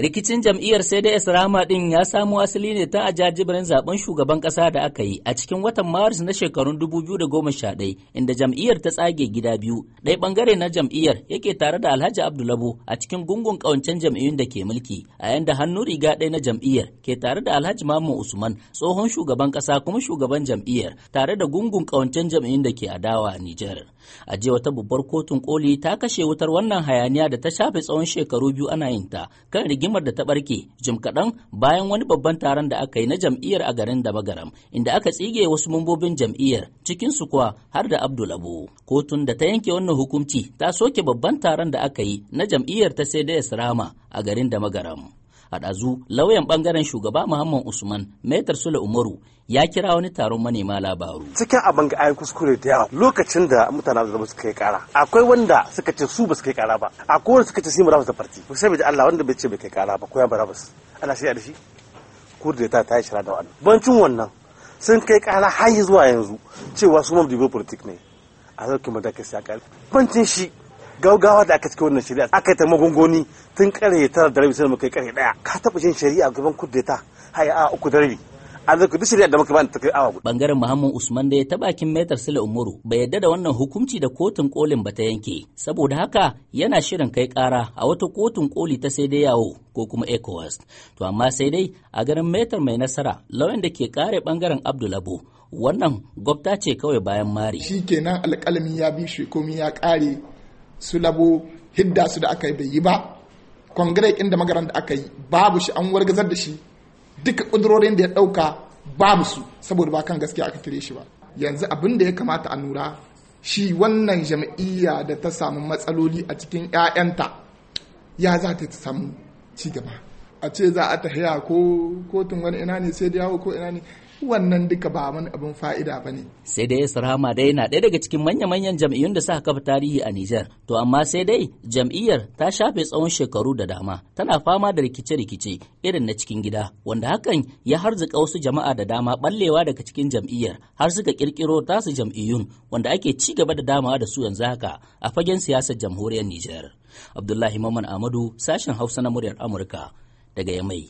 Rikicin jam'iyyar sai da Isra'ama ɗin ya samo asali ne ta a jajibirin zaben shugaban ƙasa da aka yi a cikin watan Maris na shekarun 2011 inda jam'iyyar ta tsage gida biyu. Ɗaya ɓangare na jam'iyyar yake tare da Alhaji Abdulabo a cikin gungun ƙawancen jam'iyyun da ke mulki, a yanda hannu riga ɗaya na jam'iyyar ke tare da Alhaji Mamu Usman tsohon shugaban ƙasa kuma shugaban jam'iyyar tare da gungun ƙawancen jam'iyyun da ke adawa a Nijar. A jiya wata babbar kotun koli ta kashe wutar wannan hayaniya da ta shafe tsawon shekaru biyu ana yin ta kan rigimar da ta barke jim kaɗan bayan wani babban taron da aka yi na jam'iyyar a garin Dabagaram inda aka tsige wasu mambobin jam'iyyar cikin su kuwa har da Abdul Abu. Kotun da ta yanke wannan hukunci ta soke babban taron da aka yi na jam'iyyar ta sai da Rama a garin Damagaram. a ɗazu lauyan ɓangaren shugaba muhammad usman Maitar sule umaru ya kira wani taron manema labaru cikin abin ga ayan kuskure da yawa lokacin da mutane da suka yi kara akwai wanda suka ce su ba su kai kara ba akwai wanda suka ce su murabus da farti ku sai Allah wanda bai ce bai kai kara ba ko ya murabus ana shi da shi da ta ta yi shira da wannan bancin wannan sun kai kara har zuwa yanzu cewa su mamdi bai politik ne a sai kai bancin shi gaugawa da aka cika wannan shari'a aka yi ta magungoni tun kare tara da rabi sai muka yi kare daya ka taɓa jin shari'a gaban kudeta haya a uku da rabi arziki duk shari'a da muka bani kai awa guda. Bangaren Muhammad Usman da ya ta bakin metar Sule Umaru bai yadda da wannan hukunci da kotun kolin ta yanke saboda haka yana shirin kai kara a wata kotun koli ta sai dai yawo ko kuma ECOWAS. To amma sai dai a garin metar mai nasara lauyan da ke kare bangaren Abdulabo wannan gwabta ce kawai bayan mari. Shi kenan alƙalami ya bi shi komi ya kare su labo hidda su da aka yi bai yi ba kongire inda magaran da aka yi babu shi an wargazar da shi duka kudurorin da ya dauka babu su saboda ba kan gaskiya aka tare shi ba yanzu abin da ya kamata a nura shi wannan jam'iyya da ta samu matsaloli a cikin 'ya'yanta ya za ta samu cigaba a ce za a tahiya ko kotun wani ina ne sai da yawo ko ina ne wannan duka ba wani abin fa'ida ba ne. Sai dai Sarhama dai na ɗaya daga cikin manya-manyan jam'iyyun da suka kafa tarihi a Nijar. To amma sai dai jam'iyyar ta shafe tsawon shekaru da dama tana fama da rikice-rikice irin na cikin gida wanda hakan ya harzuka wasu jama'a da dama ɓallewa daga cikin jam'iyyar har suka kirkiro tasu jam'iyyun wanda ake ci gaba da damawa da su yanzu haka a fagen siyasar jamhuriyar Nijar. Abdullahi Maman Amadu sashen Hausa na muryar Amurka daga Yamai.